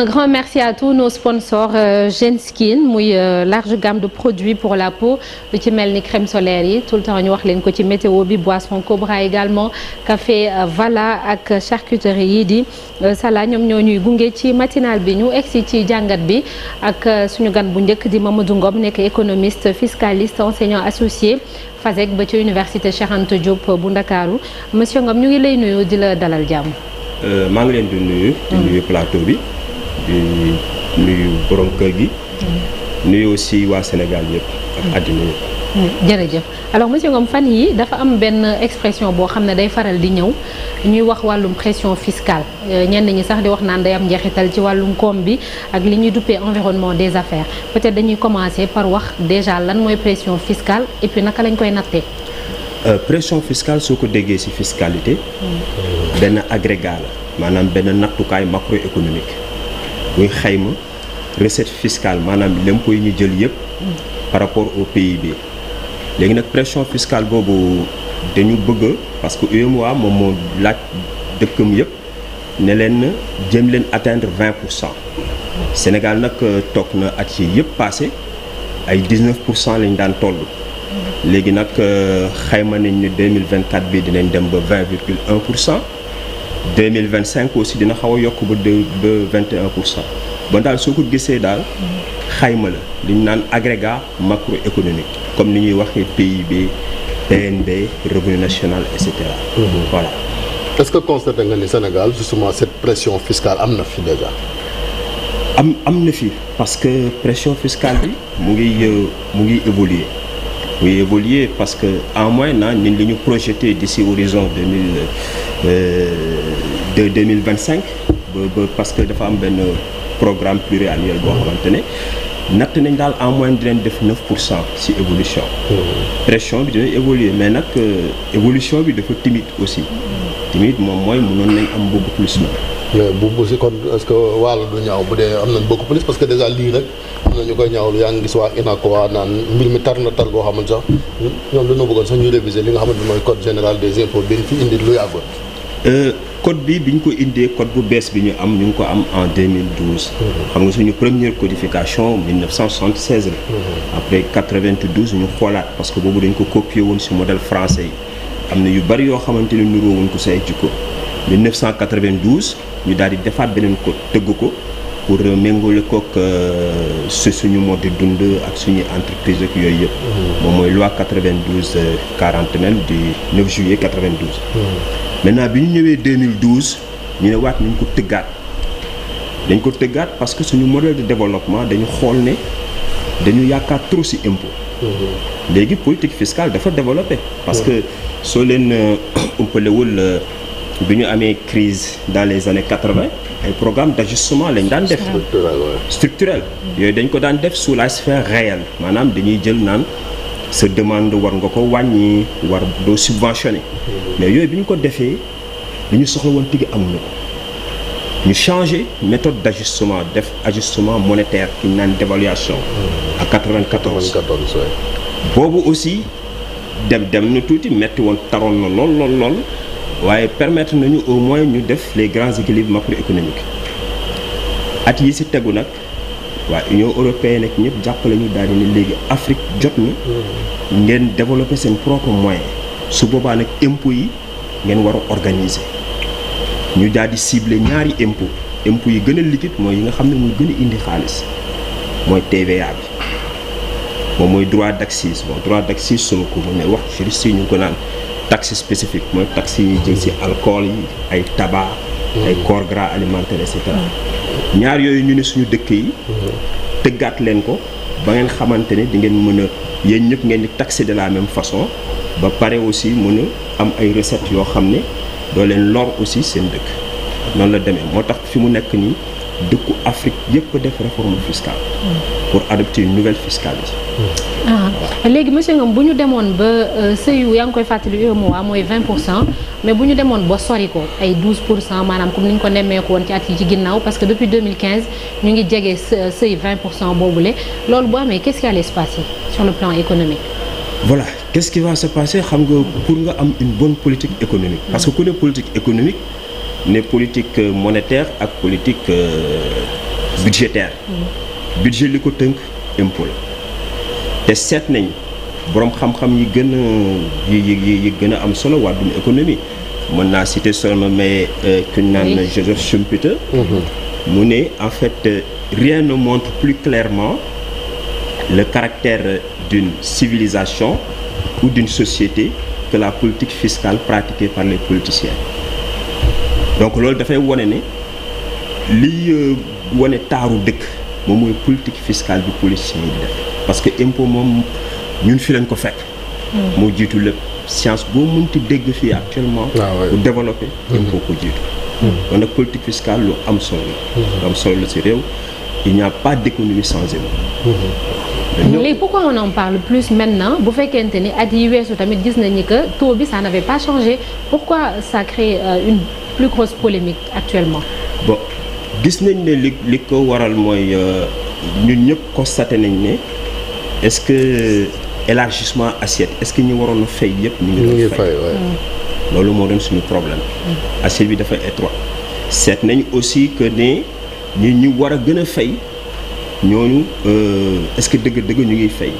Un grand merci à tous nos sponsors euh, Genskin muy euh, large gamme de produits pour la peau lu ci mel ni crème solaire yi tout le temps ñu wax leen ko ci météo bi boisson Cobra également café euh, Vala ak charcuterie yi di Sala ñoom ñoo ñuy gunge ci matinal bi ñu egsi ci jàngat bi ak suñu gan bu njëkk di Mamadou Ngom nekk économiste fiscaliste enseignant associé FASEG ba ci université Cheikh Anta bu Ndakaaru monsieur Ngom ñu ngi lay nuyu di la dalal jàmm. di nuyu borom kër gi. nuyu si waa Sénégal yëpp ak mm. àddina yëpp. Mm. jërëjëf alors monsieur Ngom fan yi dafa am benn expression boo xam ne day faral di ñëw ñuy wax wàllum pression fiscale euh, ñenn ñi sax di wax naan day am njeexital ci wàllum koom bi ak li ñuy duppee environnement des affaires peut-être dañuy commencer par wax déjà lan mooy pression fiscale et puis naka lañ koy nattee. Euh, pression fiscale soo ko déggee ci fiscalité. Mm. benn agrégat la maanaam benn nattukaay macroéconomique. muy xayma recette fiscale maanaam l'impôt yi ñu jël yëpp par rapport au bi léegi nag pression fiscale boobu dañu bëgg parce que UEMOA moom moo laaj dëkkam yëpp ne leen jëm leen attendre 20 pour cent Sénégal nag euh, toog na at yi yëpp passé ay 19 pour cent lañ daan toll léegi nag euh, xayma nañ ne 2024 bi dinañ dem ba 20 virgule pour cent 2025 aussi dina xaw a yokk ba deux ba 21 pour cent ba daal soo ko gisee daal xayma la li ñu naan agrégat macroéconomique comme ni ñuy waxee PIB PNB revenu national et cetera. Mm-hmm. est-ce que constaté nga ni Sénégal justement cette pression fiscale am na fi déjà. am am na fi parce que pression fiscale bi mu ngi euh, mu ngi évoluer muy évoluer parce que en moyenne nit li ñu projeté d'ici horizon 2000. de mille vingt cinq parce que dafa am benn programme pluriannuel boo xamante ne natt nañ daal en moyenne dinañ def 9 pour cent ci évolution. Hmm. pression bi dina évoluer mais nag euh, évolution bi dafa timide aussi. timide moom mooy mënoon nañ am beaucoup plus nag. mais bu bu si kon est-ce du ñaaw bu dee am nañ beaucoup plus parce que déjà lii rek am na ñu koy ñaawlu yaa ngi gis waa INACOA naan mbir mi tar na tar goo xam ne sax ñoom dañoo bëggoon sax ñu réviser li nga xamante ni Euh, code bi bi ñu ko indee code bu bees bi ñu am ñu ngi ko am en 2012. xam nga suñu première codification 1976 la. Mmh. après 92 ñu xoolaat parce que boobu dañ ko copier woon si modèle français yi am na yu bari yoo xamante ni nuroo woon ko say jikko 1992 ñu daal di defaat beneen ko tëgg ko. pour méngale kook su euh, suñu mode di dund ak suñu entreprise ak yooyu yëpp. Mm-hmm. moom mooy loi 92 49 euh, du 9 juillet 92. Mm-hmm. maintenant bi ñu ñëwee 2012 ñu ne waat nañ ko tëggaat dañ ko tëggaat parce que suñu model de développement dañu xool ne dañu yaakaar trop ci impôt. Mm-hmm. léegi politique fiscale dafa développé. parce que soo leen umpalewul. Euh, bi ñu amee crise dans les années 80 ay programme d'ajustement lañ daan def structurel yooyu dañ ko daan def sous la sphère maanaam dañuy jël naan sa demande war nga ko wàññi war doo subventionné mais yooyu bi ñu ko defee li ñu soxla woon tigi amuñu ko ñu changé méthode d'ajustement def ajustement monétaire ki ñu naan dévaluation à 94 boobu aussi dem dem na tuuti metti woon taroon na lool lool lool waaye permettre nañu au moins ñu def les grands équilibres macroéconomiques at yi si tegu nag waa Union européenne ak ñëpp jàppale ñu daal di ne léegi Afrique jot na ngeen développer seen propre moyen su boobaa nag impôts yi ngeen war a organiser ñu daal di ñaari impôts impôts yi gën a liquide mooy yi nga xam ne muy gën indi xaalis mooy TVA bi moom mooy droit d'accise bon droit d'accise suma ko mu ne wax juriste ñu ko naan taxe spécifique mooy taxe yi jël ci alcool yi ay tabac. Mm-hmm. ay corps gras alimentaire et cetera. ñaar yooyu ñu ne suñu dëkk yi. Mm-hmm. tëggaat leen ko ba ngeen xamante ne di ngeen mën a yéen ñëpp ngeen di taxer de la même façon ba pare aussi mu ne am ay recettes yoo xam ne doo leen lor aussi seen dëkk. noonu la demee moo tax fi mu nekk nii dëkku Afrique yëpp def réforme fiscale. Mm-hmm. pour adopter une nouvelle fiscalité. ah léegi monsieur Ngom bu ñu demoon ba euh, sëy yu yaa ngi koy fàttali UEMOA mooy 20 pour cent mais bu ñu demoon ba sori ko ay 12 pour cent maanaam comme ni ñu ko nemmeeku woon ci at yi ci ginnaaw parce que depuis 2015 ñu ngi jege euh, sëy 20 pour cent boobule loolu bu amee qu'est-ce qui allait se passer sur le plan économique. voilà qu'est-ce qui va se passer xam nga pour nga am une bonne politique économique. parce que ku ne politique économique ne politique euh, monétaire ak politique budgétaire. Mm. budget li ko tënk impôt te seet nañ boroom xam-xam yi gën a yi yi gën a am solo wàllum économie mën naa citer seulement mais euh, ku ñu naan Joseph Schumpeter mhm. mu ne en fait euh, rien ne montre plus clairement le caractère d'une civilisation ou d'une société que la politique fiscale pratiquée par les politiciens donc loolu dafay wone ne liy euh, wone taaru dëkk moom mooy politique fiscale bi politicien yi di def parce que impôt moom ñun fi lañ ko fekk moo jiitu lépp science boo mënti dégg fii actuellement bu ah développé impôt ko jiitu mm-hmm. kon nag politique fiscale lu am solo la mm-hmm. lu am solo la si réew il n'y a pas d'économie sans impôt mm-hmm. léegi pourquoi on en parle plus maintenant bu fekkente ni at yi weesu tamit gis nañ ni que taux bi ça n'avait pas changé pourquoi ça crée euh, une plus grosse polémique actuellement bon gis nañ ne li li ko waral mooy euh, ñu ñëpp constaté nañ ne est-ce que élargissement assiette est-ce que ñu waroon a fay yëpp. ñu ngi doon fay mm. loolu moo doon suñu problème. Mm. assiette bi dafa étroit. seet nañ aussi que ne ñu ñu war a gën a fay ñooñu euh, est-ce que dëgg-dëgg ñu ngi fay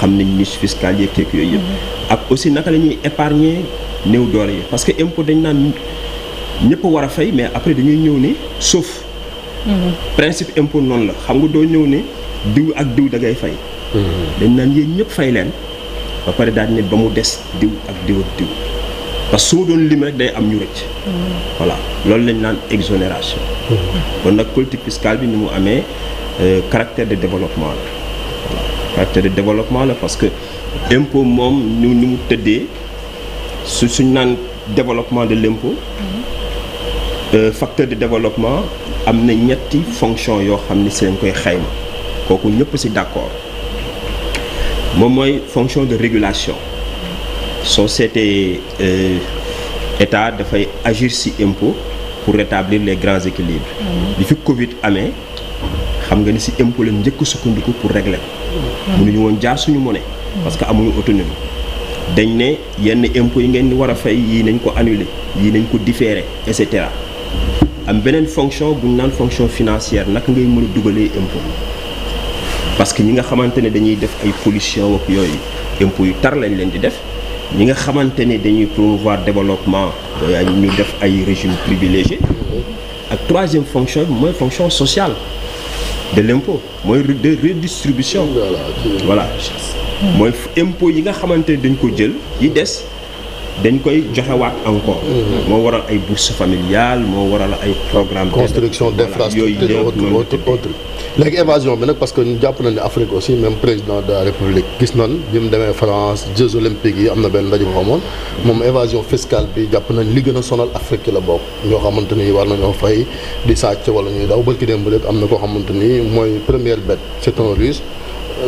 xam nañ ñu fiscale yeeg keek yooyu yëpp. Mm-hmm. ak aussi naka la ñuy épargner néew doole yi parce que impôt dañ naan ñëpp war a fay mais après dañuy ñëw ne suuf principe impôt noonu la xam nga doo ñëw ni diw ak diw da ngay fay. dañ naan yéen ñëpp fay leen ba pare daal ne ba mu des diw ak diw ak diw parce que su doon lim rek day am ñu rëcc. voilà loolu lañ naan exonération. kon nag politique fiscale bi ni mu amee euh, caractère de développement la développement la parce que impôt moom ñu ni mu tëddee su suñ naan développement de l'impôt. Euh, facteur de développement. am na ñetti fonction yoo xam ni si koy xayma kooku ñëpp si d'accord moom mooy fonction de régulation soo seetee euh, état dafay agir si impôt pour rétablir les grands équilibres bi fi Covid amee xam nga ni si impôt la njëkk sukkandiku pour régler mënuñu woon jaar suñu monnaie parce que amuñu autonomie dañ ne yenn impôt yi ngeen war a fay yii nañ ko annuler yii nañ ko différer et cetera am beneen fonction bu naan fonction financière naka ngay mën a dugalee impôt parce que ñi nga xamante ne dañuy def ay pollution ak yooyu impôt yu tar lañ leen di def ñi nga xamante ne dañuy promouvoir développement euh, ñu def ay régime privilégié ak troisième fonction bi mooy fonction sociale de l'impôt mooy de redistribution voilà mooy impôt yi nga xamante ne dañ ko jël yi des dañ koy joxewaat encore. Mm-hmm. moo waral ay bourse familiale moo waral ay programme construction d'infrastructure yooyu autre autre léegi évasion bi nag parce que jàpp na ne Afrique aussi même président de la République gis nañ bi mu demee France Jeux olympiques yi am na benn ndaje bu amoon moom évasion fiscale bi jàpp nañ li gën a sonal Afrique ci la bokk ñoo xamante ni war nañoo fay di sàcc wala ñuy daw ki dem ba rek am na koo xamante ni mooy première bête c'est un russe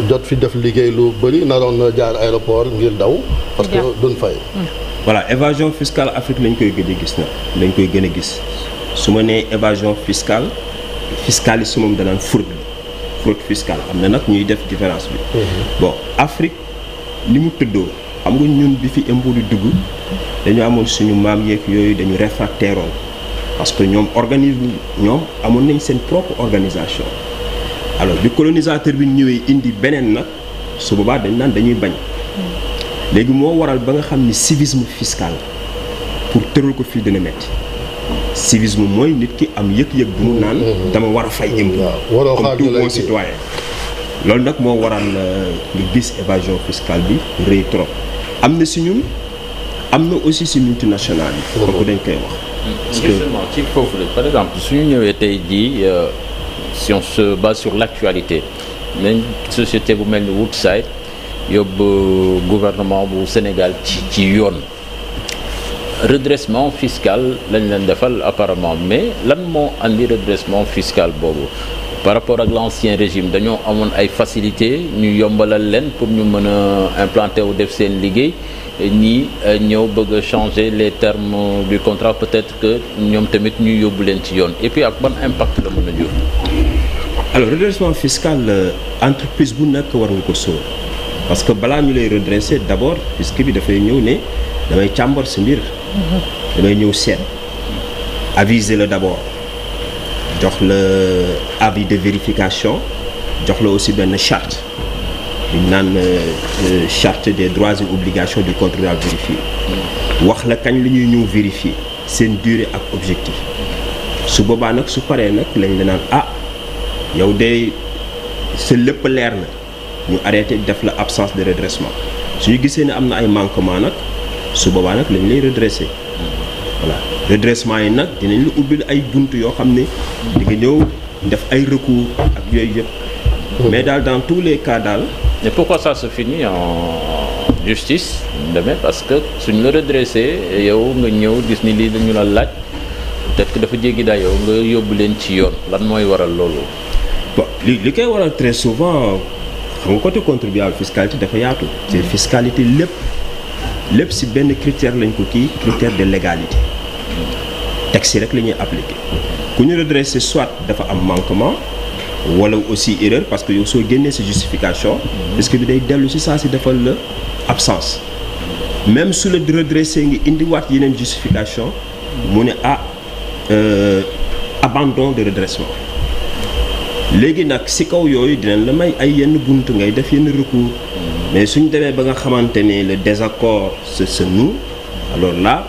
jot fi def liggéey lu bëri naroon na jaar aéroport ngir daw parce que duñ fay mm. voilà évasion fiscale Afrique lañ koy gën gis na lañu koy gën a gis su ma nee évasion fiscale su moom danaan fraude fraude fiscale am na nag ñuy def différence bi. Mhm. bon Afrique li mu tëddoo xam nga ñun bi fi impôt di dugg dañu amoon suñu maam yeeg yooyu dañu réfractaire woon parce que ñoom organisme ñoom amoon nañ seen propre organisation alors bi colonisateur bi ñëwee indi beneen nag su boobaa dañ naan dañuy bañ. Mhm. léegi moo waral ba nga xam ni civisme fiscal pour tëral ko fii dina metti civisme mooy nit ki am yëg-yëg bu mu naan mm-hmm. dama war a fay impôt comme tout bon citoyen loolu nag moo waral nga euh, gis évasion fiscale bi rëy trop am na si ñun am na aussi si national yi mm-hmm. kooku dañ koy wax mm-hmm. parce que justement ci foofu la par exemple suñu ñëwee tey jii euh, si on se base sur l' actualité société bu mel ni Woodside yóbbu gouvernement bu Sénégal ci yoon redressement fiscal lañ leen defal apparemment mais lan moo andi redressement fiscal boobu par rapport ak l'ancien régime dañoo amoon ay facilité ñu yombalal leen pour ñu mën a implanter wu def seen liggéey ñi euh, ñëw bëgg a changer les termes du contrat peut-être que ñoom tamit ñu yóbbu leen ci yoon et puis ak man impact la mën a jur redressement fiscal euh, entreprise bu nekk war nga ko sóor parce que balaa ñu lay redresser d' abord risque bi dafay ñëw ne damay càmbar sa mbir. damay ñëw seet. aviser la d' abord jox la avis de vérification jox la aussi benn charte ñu naan euh, euh, charte des droits et obligations du contribuable vérifié. wax la kañ li ñuy ñëw vérifier seen durée ak objectif su boobaa nag su paree nag lañ la naan ah yow de sa lépp leer na. ñu arrêté def la absence de redressement su ñu gisee ne am na ay manquement nag su boobaa nag lañ lay redressé voilà redressement yi nag dinañ la ubbil ay bunt yoo xam ne di nga ñëw def ay recours ak yooyu yëpp mais daal dans tous les cas daal mais pourquoi ça se finit en justice demee parce que suñ la redressé yow nga ñëw gis ni lii dañu la laaj peut-être dafa jéggi daa yow nga yóbbu leen ci yoon lan mooy waral loolu bon li li koy waral très souvent xam nga côté contribuable fiscalité dafa yaatu. te fiscalité lépp lépp si benn critère lañ ko kii critère de légalité taxe rek la ñuy appliqué ku ñu redressé soit dafa am manquement wala aussi erreur parce que yow soo génnee sa justification. fisc bi day dellu si saa si defal la absence. même su la redressé ngi indiwaat yeneen justification mu ne ah euh, abandon de redressement. léegi nag si kaw yooyu dinañ la may ay yenn buntu ngay def yenn recours mais suñ demee ba nga xamante ne le désaccord se se noue alors là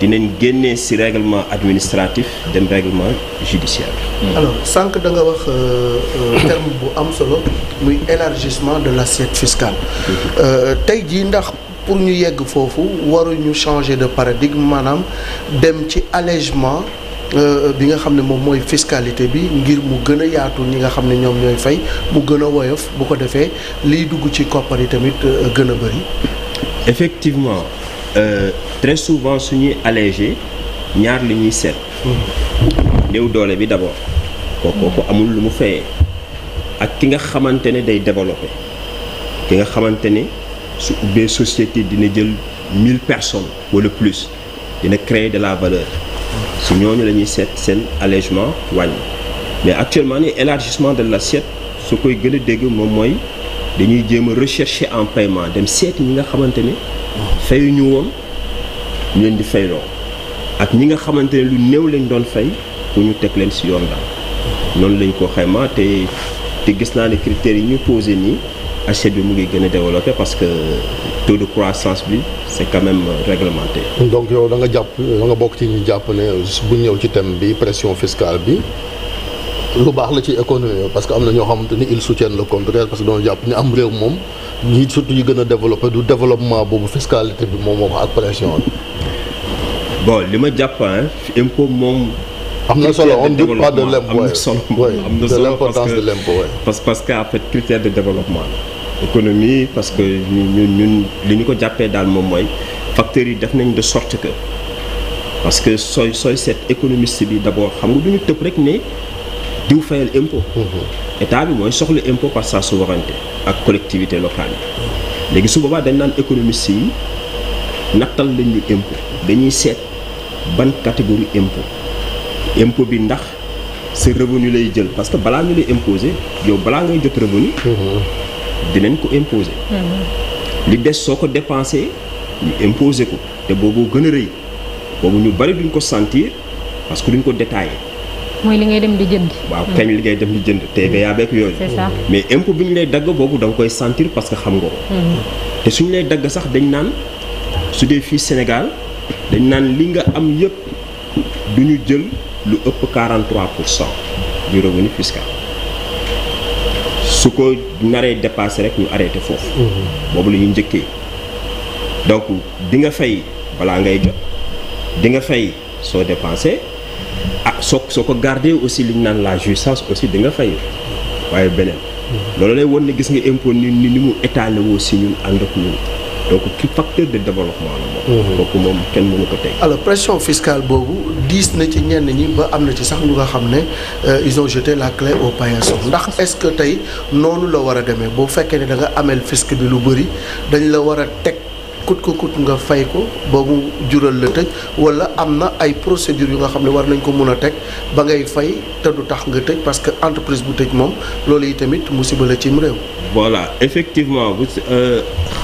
dinañ génnee si règlement administratif dem règlement judiciaire. alors sànq da nga wax euh, euh, terme bu am solo muy élargissement de l'assiette fiscale euh, tey ji ndax. pour ñu yegg foofu waruñu changer de paradigme maanaam dem ci allègement Euh, euh, bi nga xam ne moom mooy fiscalité bi ngir mu gën a yaatu ñi nga xam ne ñoom ñooy fay mu gën a woyof bu ko defee liy dugg ci koppar yi tamit euh, gën a bëri. effectivement euh, très souvent su ñuy ñaar li ñuy seet. Mm-hmm. néew doole bi d'abord. kooku amul lu mu fayee. ak ki nga xamante ne day développé ki nga xamante ne su ubbee société dina jël mille personnes wala plus dina créer de la valeur. si ñooñu la ñuy seet seen allègement wàññi mais actuellement ni élargissement de la l'assiette su koy gën dégg moom mooy dañuy jéem a rechercher en payment dem seet ñi nga xamante ne fayu ñu woon ñu leen di fayloo ak ñi nga xamante ne lu néew lañ doon fay pour ñu teg leen si yoon daal noonu lañ ko xayma te te gis naa ne critères yi ñu posé nii assiette bi mu ngi gën a développé parce que taux de croissance bi c'est quand même euh, donc yow da nga jàpp da nga bokk ci ñu jàpp ne bu ñëw ci thème bi pression fiscale bi lu baax la ci économie parce que am na ñoo xamante ni ils soutiennent le contraire parce que dañoo jàpp ni am réew moom ñi surtout yi gën a développé du développement boobu fiscalité bi moom moo ko ak pression bi. bon li ma jàpp impôt moom. am na solo on dit pas de l'impôt am na solo am na solo parce que parce que en économie parce que ñun ñun li ñu ko jàppee daal moom mooy facteurs yi def nañ de sorte que parce que sooy sooy seet économiste bi d'abord xam nga du ñu tëb rek ne diw fayal impôt. Mm-hmm. état bi mooy soxla impôt par sa souveraineté ak collectivité locale yi. léegi su boobaa dañ naan économiste yi nattal lañ ñu impôt dañuy seet ban catégorie impo impôt bi ndax sa revenu lay jël parce que balaa ñu lay imposer yow balaa ngay jot revenu. Mm-hmm. dinañ ko imposer. Mm-hmm. li des soo ko dépensé ñu imposer ko te booboo gën a rëy boobu ñu bari duñ ko sentir parce que duñ ko détaillé. mooy li ngay dem di jënd. waaw kañ li ngay dem di jënd TVA beeg yooyu. mais impôt bi ñu lay dagg boobu danga koy sentir parce que xam nga ko. Mm-hmm. te suñu lay dagg sax dañ naan su dee fii Sénégal dañ naan li nga am yëpp du ñu jël lu ëpp 43 pour cent du revenu fiscal. su ko naree dépassé rek ñu arrêté foofu. boobu la ñuy njëkkee donc di nga fay balaa ngay jot di nga fay soo dépensé ah soo soo ko gardé aussi li ñu naan la jouissance aussi di nga fay waaye beneen. Mm-hmm. loolu lay won ne gis nga impôt ni ni mu étalé woo si ñun ànd ak ñun. donc ki facteur de développement moom. kooku moom kenn ko teg. alors pression fiscale boobu diis na ci ñenn ñi ba am na ci sax ñu nga xam ne euh, ils ont la cle au paillasson ndax est-ce que tey noonu la war a deme boo fekkee ne da nga ameel fisc bi lu bëri dañ la war a teg. kut ko kut nga fay ko ba mu jural la tëj wala am na ay procédures yu nga xam ne war nañ ko mën a teg ba ngay fay te du tax nga tëj parce que entreprise bu tëj moom loolu yi tamit musiba la cim réew. voilà effectivement bu euh,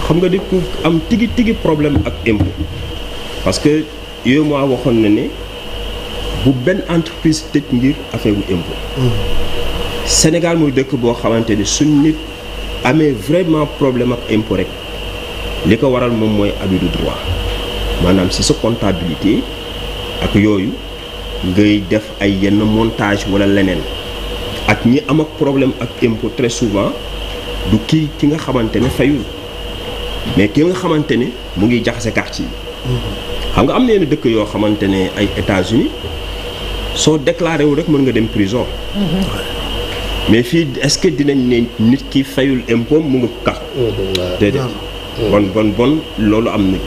xam nga di ku am tigi tigi problème ak impôt parce que yow moo waxoon na ne bu benn entreprise tëj ngir affaire bu impôt. Mm. muy dëkk boo xamante ni suñ nit amee vraiment problème ak impôt rek. li ko waral moom mooy abus droit maanaam si sa comptabilité ak yooyu ngay def ay yenn montage wala leneen ak ñi am ak problème ak impôt très souvent du kii ki nga xamante ne fayul mais ki nga xamante ne mu ngi jaxase quartier yi mm-hmm. xam nga am na yenn dëkk yoo xamante ne ay États-Unis soo déclaré wu rek mën nga dem prison mm-hmm. mais fii est-ce que dinañ ne nit ki fayul impôt mu nga kax mm-hmm. déedéet Mm. bon bon bon loolu am na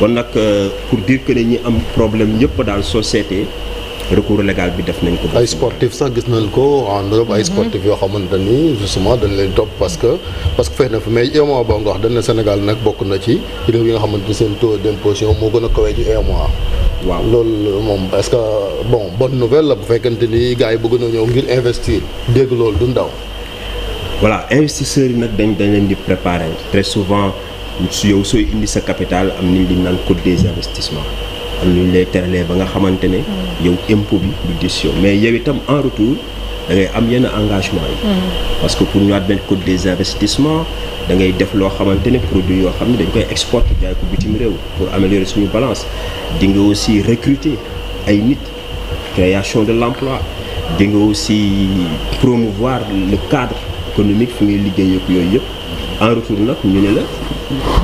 bon nag euh, pour dire que ne ñi am problème yëpp daal société recours légal bi def nañ ko. ay sportif sax gis nañ ko en Europe ay mhm. sportif yoo xamante ni justement dañ leen topp parce que parce que feex na fi mais UEMOA boo nga wax dañ ne Sénégal nag bokk na ci réew yi nga xamante ni seen taux d'imposition moo gën a kawee ci e mois waaw loolu moom parce ce que bon bonne nouvelle la bu fekkente ni gars yi bëgg na ñëw ngir investir dégg du ndaw. voilà investisseurs nag dañ dañ leen di préparer très su yow sooy indi sa capital am nañ li naan code des investissements am nañ lay teralee ba nga xamante ne. Mm. yow impôt bi du des yow mais yow itam en retour da am yenn engagement yi. Mm. parce que pour ñu at benn code des investissements da ngay def loo xamante ne produit yoo xam ne dañ koy exporter jaay ko bitim réew pour améliorer suñu balance di nga aussi recruter ay nit création de l'emploi di nga aussi promouvoir le cadre économique fi ngay liggéey ak yooyu yëpp. en retour nag ñu ne la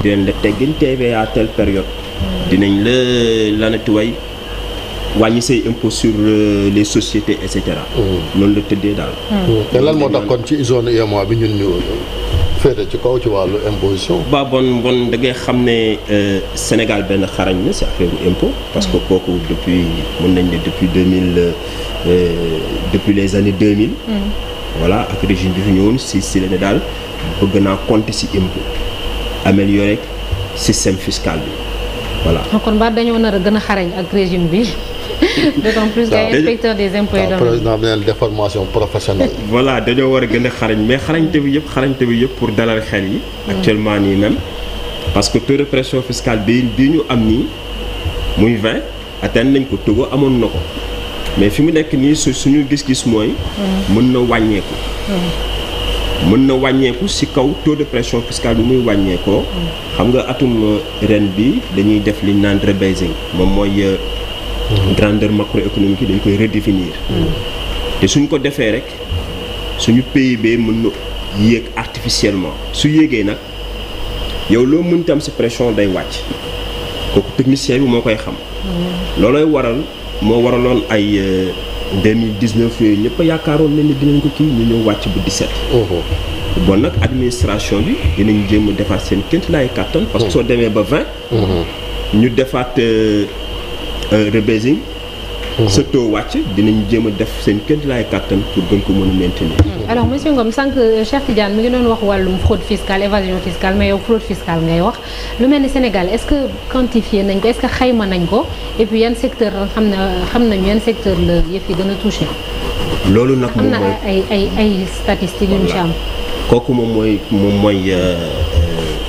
dinañ la teggin TVA telle période dinañ la lanati way wàññi say impôt sur euh, les sociétés et cetera. Mm. noonu la tëddee daal. te mm. mm. lan moo tax kon ci zone UEMOA bi ñun ñu féete ci kaw ci wàllu imposition. ba bon bon da xam ne euh, Sénégal benn xarañ na si affaire impôt. parce que kooku depuis mën nañ ne depuis deux mille euh, depuis les années deux mille. voilà ak régime bi fi ñëwoon si si la daal. bëgg naa compter ci impôt améliorer système fiscal bi voilà. kon ba dañoo nar a gën a xarañ ak régime bi. d'autant plus que inspecteur des impôts et domaines président bi neen déformation professionnelle. voilà dañoo war a gën xarañ mais xarañte bi yëpp xarañte bi yëpp pour dalal xel yi. Mm. actuellement nii même. parce que taux de pression fiscale bi di ñu am ni muy 20 atteindre nañ ko Togo amoon na ko mais fi mu nekk nii su suñu gis-gis mooy. Mm. mën na wàññeeku. Mm. mën na wàññeeku si kaw taux de pression fiscale bi muy wàññeekoo. xam nga atum euh, ren bi dañuy def li ñu naan rebasing moom mooy euh, mm-hmm. grandeur macro yi dañu koy redéfinir. Mm-hmm. te suñ ko defee rek suñu PIB mën na yéeg artificiellement su yéegee nag yow loo mën tam si pression day wàcc kooku technicien bi moo koy xam. Mm-hmm. loolooy waral moo waraloon ay. Euh, 2019 yooyu ñëpp yaakaaroon nañ ne dinañ ko kii ñu ñëw wàcc bu 17. bon nag administration bi dinañ jéem a defaat seen kéem laay kàttan. parce que soo demee ba 20. ñu defaat euh, euh, rebasing. Mhm. sa taux wàcc dinañ jéem a def seen kënt laay kàttan pour gën ko mën a maintenir. Mhm. alors monsieur Ngom sànq euh, Cheikh Tidiane mi ngi doon wax wàllum fraude fiscale évasion fiscale mais yow fraude fiscale ngay wax lu mel ni Sénégal est-ce que quantifié nañ ko est que xayma nañ ko et puis yan secteur xam na xam nañu yan secteur la yëf yi gën a touché. loolu nag moom mooy ay ay ay statistiques yu ñu ci kooku moom mooy moom mooy euh, euh,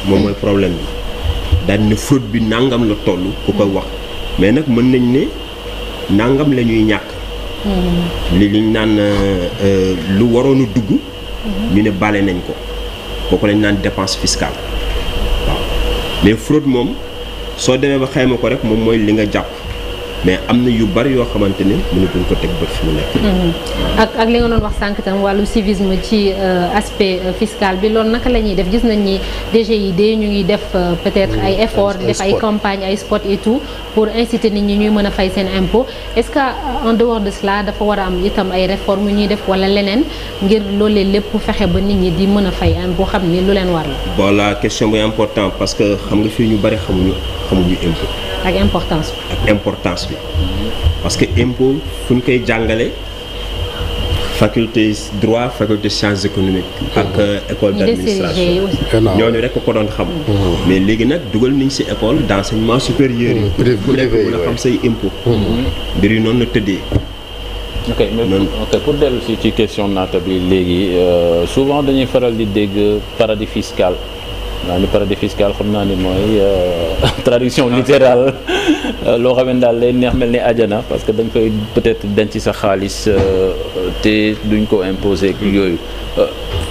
moom mooy problème bi daan ne bi nangam la toll ku koy wax mhm. mais nag mën nañ ni nangam lañuy ñuy ñàkk. Hmm. li liñ naan euh, euh, lu waroonu dugg. Hmm. ñu ne bale nañ ko kooku lañ naan dépense fiscale waaw mais fraude moom soo demee ba xayma ko rek moom mooy li nga jàpp. mais am na yu bari yoo xamante ni mënatuñ ko teg bët fi mu nekk. Mm-hmm. ak ak li nga doon wax sànq tam wàllu civisme ci euh, aspect euh, fiscal bi loolu naka la ñuy def gis nañ ni DGID ñu ngi def euh, peut-être mm-hmm. ay effort def ay campagne ay spot et pour inciter nit ñi ñuy mën a fay seen impôt est-ce que en dehors de cela dafa war a am itam ay réformes ñuy def wala leneen ngir loolee lépp fexe ba nit ñi di mën a fay impôt xam ni lu leen war la. voilà question bu important parce que xam nga fii ñu bari xamuñu xamuñu impôt. ak importance bi. ak importance bi parce que impôt fu ñu koy jàngale faculté droit faculté sciences économiques. ak euh, école d'administration ñooñu rek ko doon xam. Mm-hmm. mais léegi nag dugal nañ si école d'enseignement supérieur yi. Mm-hmm. ku nekk mën a xam say impôt. Mm-hmm. mbir yi noonu la tëddee. ok mais ok pour dellu si ci question naata bi léegi euh, souvent dañuy faral di dégg paradis fiscal. naa ni paradis fiscal xam naa ni mooy euh, traduction littérale euh, loo xam ne daal lay neex mel ni àjjana parce que da koy peut-être denc sa xaalis euh, te duñ ko imposer yooyu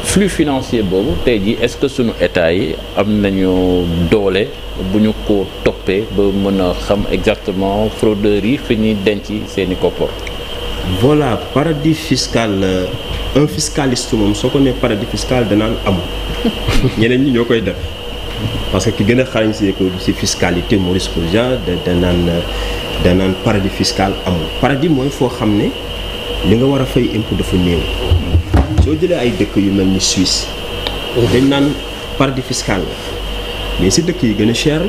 flux financier boobu tey jii est-ce que sunu état yi am nañu doole bu ñu ko toppee ba mën a xam exactement fraudeurs yi fi ñuy denc seeni koppar. voilà paradis fiscal. un fiscaliste moom soo ko nee paradis fiscal danaan amul ñeneen ñi ñoo koy def parce que ki gën a xarañ si éco si fiscalité Maurice Koudia da danaan danaan paradis fiscal amul paradis mooy foo xam ne li nga war a fay impôt dafa néew soo jëlee ay dëkk yu mel ni Suisse dañ naan paradis fiscal la mais si dëkk yi gën a cher la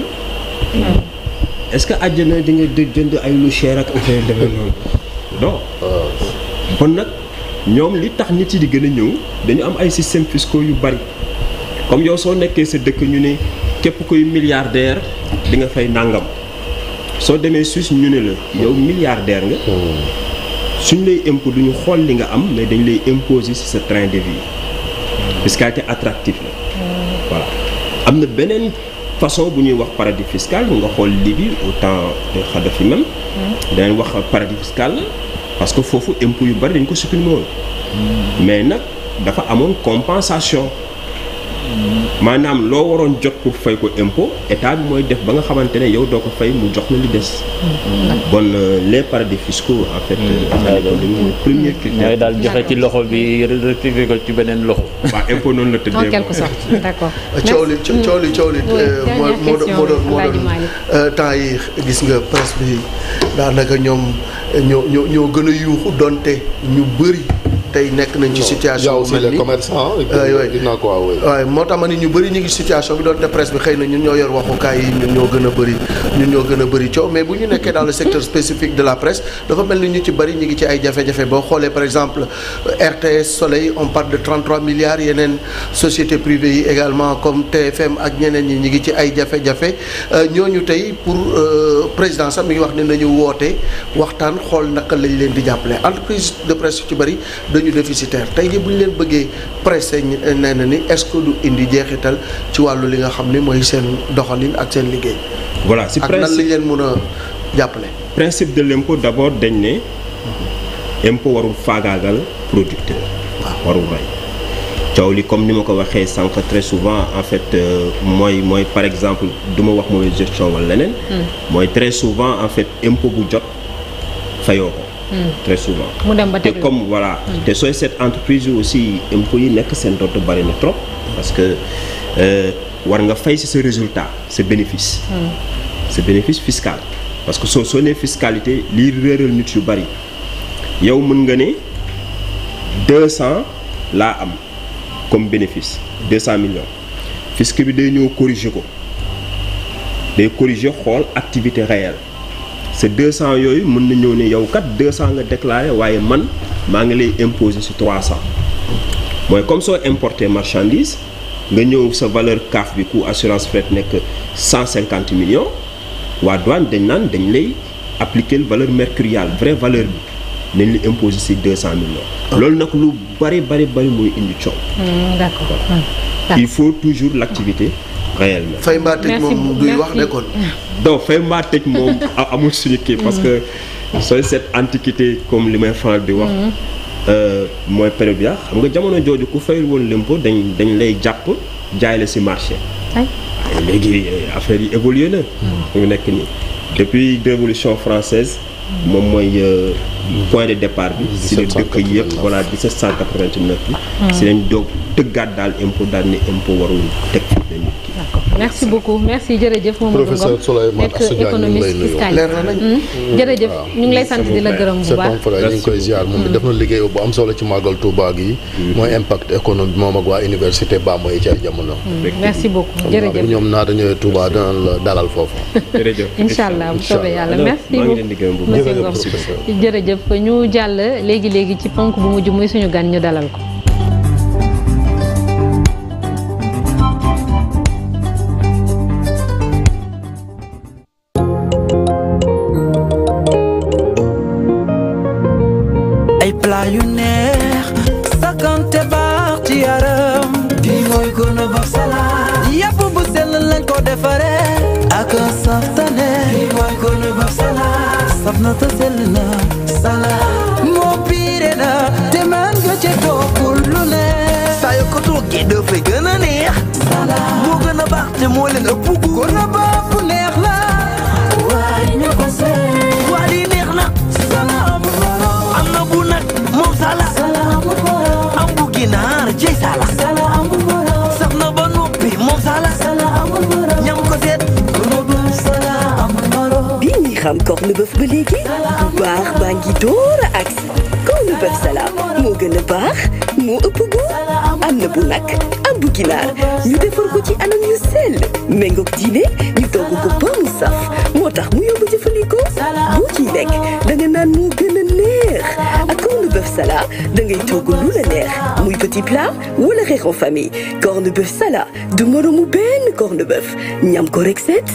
hmm. est-ce que àjjana di nga jënd ay lu ak affaire demee noonu non bon oh. nag ñoom li tax nit yi di gën a ñëw dañu am ay systèmes fiscaux yu bari comme yow soo nekkee sa dëkk ñu ne képp kuy milliardaire di nga fay nàngam soo demee Suisse ñu ne la yow milliardaire nga suñ lay impôt duñu xool li nga am mais dañ lay imposer ci sa train de vie fiscalité attractive la am na beneen façon bu ñuy wax paradis fiscal nga xool Libye au temps de Kadhafi même. Mm-hmm. danañ wax paradis fiscal la parce que foofu impôt yu bari dañ ko supprimer woon. Mm-hmm. mais nag dafa amoon compensation. Mm-hmm. maanaam loo waroon jot pour fay ko impôt état bi mooy def ba nga xamante ne yow doo ko fay mu jox la li des. bon euh, les paradis fiscaux en fait. Hmm. Euh, mooy daal joxe ci loxo bi rectifié ci beneen loxo. waaw impôt noonu la tëddee. en quelque sorte d'accord. Euh, coow li coow li coow li moo moo doon moo doon yi gis nga presse bi daanaka ñoom ñoo ñoo gën a yuuxu donte ñu bëri. tey nekk nañ ci situation. bu mel nii waaye euh, euh, moo tax ma ni ñu bëri ñu ngi situation bi doonte presse bi xëy na ñun ñoo yor waxukaay yi ñun ñoo gën a bëri ñun a bëri coow mais bu ñu nekkee dans le secteur spécifique de la presse dafa mel ni ñu ci bëri ñu ngi ci ay jafe-jafe boo xoolee par exemple RTS Soleil on parle de 33 milliards yeneen sociétés privées yi également comme TFM ak ñeneen ñi ñu ngi ci ay jafe-jafe euh, ñoo ñu tey pour président sax mi ngi wax ne nañu woote waxtaan xool naka lañ leen di jàppale entreprise ci bëri dañu déficitaire tey bu ñu leen bëggee pressé nee na ni est-ce que du indi jeexital ci wàllu li nga xam ni mooy seen doxalin ak seen liggéey. voilà si principe ak nan lañ leen mën a jàppale. principe de l'impôt d'abord dañ ne impôt warul faagaagal producteur. waaw warul rey coow li comme ni ma ko waxee sànq très souvent en fait euh, mooy mooy par exemple duma ma wax mauvaise gestion wala leneen. Hmm. mooy très souvent en fait impôt bu jot fayoo ko. très souvent. te comme voilà. te sooy seet entreprise yi aussi impôts yi nekk seen dootu bari na trop. parce que euh, war nga fay si sa résultat sa bénéfice. Mm. sa bénéfice fiscal. parce que soo soo nee fiscalité lii réeral nit yu bari yow mën nga ne deux cent laa am comme bénéfice deux cent millions. fisc bi day ñëw corriger ko day corriger xool activité réelle. sa 200 yooyu mën na ñëw ne yow kat 200 nga déclaré waaye man maa ngi lay imposer si 300 mooy comme soo importer marchandise nga ñëw sa valeur CAF bi coût assurance fret nekk 150 millions waa douane dañ naan dañ lay appliquer valeur mercuriale vraie valeur bi nañ la imposer si 200 millions. Ah. loolu nag lu bari bari bari mooy indi coow. Hmm, d'accord hmm. il faut toujours l'activité. réellement. fay mbaa moom duy wax ne kon. donc fay mbaa moom amul suñu kii parce que sooy set antiquité comme li may faral bi wax. Mm-hmm. Euh, mooy période bi ah, xam nga jamono jooju ku fayul woon l'impôt dañ dañ lay jàpp jaay si marché. léegi euh, affaire yi évolué na. Mm. mu nekk nii depuis révolution française moom mooy euh, point de départ bi. si la dëkk yëpp voilà 1789 bi. Hmm. si lañ doog tëggaat daal impôt daal ne impôt warul teg fi benn kii. merci beaucoup merci jërëjëf Mamadou Ngom professeur ñu ngi hmm? la gërëm bu baax ñu ngi koy moom def na liggéey bu am solo ci màggal Touba gi hmm. mooy impact économique moom ak waa université Bambey ci ay jamono hmm. merci beaucoup jërëjëf ñoom naata ñëwee Touba danañ la dalal foofu jërëjëf incha allah bu soobee yàlla merci beaucoup monsieur Ngom ñu jàll léegi-léegi ci ponk bu mujj muy suñu gan ñu dalal ko plat yu neex sakante baax ci yaram bi mooy gën a baax salade yàpp sell lañ ko defaree ak saftane bi mooy gën a baax salade sell na salade moo piire na te mën nga ci toppul lu ne saa yoo ko toggee dafay neex salade moo gën a baax te moo leen ëpp gu gën neex sala sala amul morom ñam ko seet sala amul morom bi xam corne bœuf ba léegi baax baa door a agsi corne bœuf sala moo gën a baax moo ëpp bu am na am bu ginaar ñu defar ko ci anam yu sell méngoog diine ñu togg moo tax mu yomb jëfandikoo boo ciy lekk da nga naan moo Sala da ngay togg lu la neex muy petit plat wala reer en famille corne bœuf du moromu benn corne bœuf ñam ko set.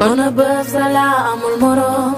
corne bœuf amul morom.